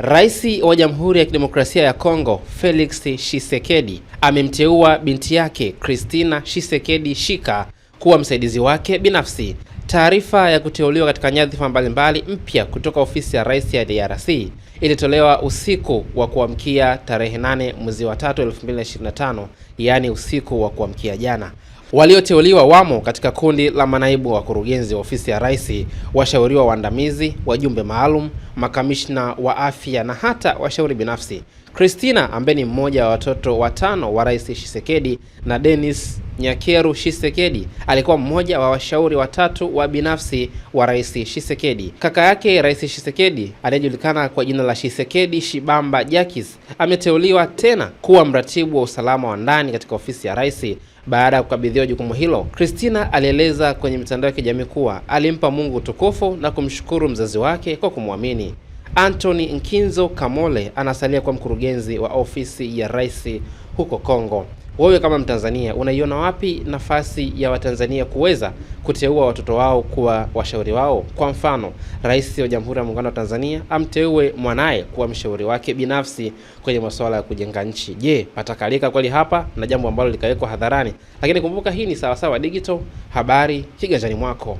Rais wa Jamhuri ya Kidemokrasia ya Kongo Felix Tshisekedi amemteua binti yake Christina Tshisekedi Shika kuwa msaidizi wake binafsi. Taarifa ya kuteuliwa katika nyadhifa mbalimbali mpya kutoka ofisi ya rais ya DRC ilitolewa usiku wa kuamkia tarehe 8 mwezi wa 3 2025, yaani usiku wa kuamkia jana. Walioteuliwa wamo katika kundi la manaibu wakurugenzi wa ofisi ya Rais, washauriwa waandamizi, wajumbe maalum, makamishna wa afya na hata washauri binafsi Christina ambaye ni mmoja wa watoto watano wa Rais Tshisekedi na Denis Nyakeru Tshisekedi alikuwa mmoja wa washauri watatu wa binafsi wa Rais Tshisekedi. Kaka yake Rais Tshisekedi aliyejulikana kwa jina la Tshisekedi Shibamba Jakis ameteuliwa tena kuwa mratibu wa usalama wa ndani katika ofisi ya Rais baada ya kukabidhiwa jukumu hilo. Christina alieleza kwenye mitandao ya kijamii kuwa alimpa Mungu utukufu na kumshukuru mzazi wake kwa kumwamini. Anthony Nkinzo Kamole anasalia kuwa mkurugenzi wa ofisi ya rais huko Kongo. Wewe kama Mtanzania unaiona wapi nafasi ya Watanzania kuweza kuteua watoto wao kuwa washauri wao? Kwa mfano, Rais wa Jamhuri ya Muungano wa Tanzania amteue mwanaye kuwa mshauri wake binafsi kwenye masuala ya kujenga nchi. Je, patakalika kweli hapa na jambo ambalo likawekwa hadharani? Lakini kumbuka hii ni Sawasawa Digital, habari kiganjani mwako.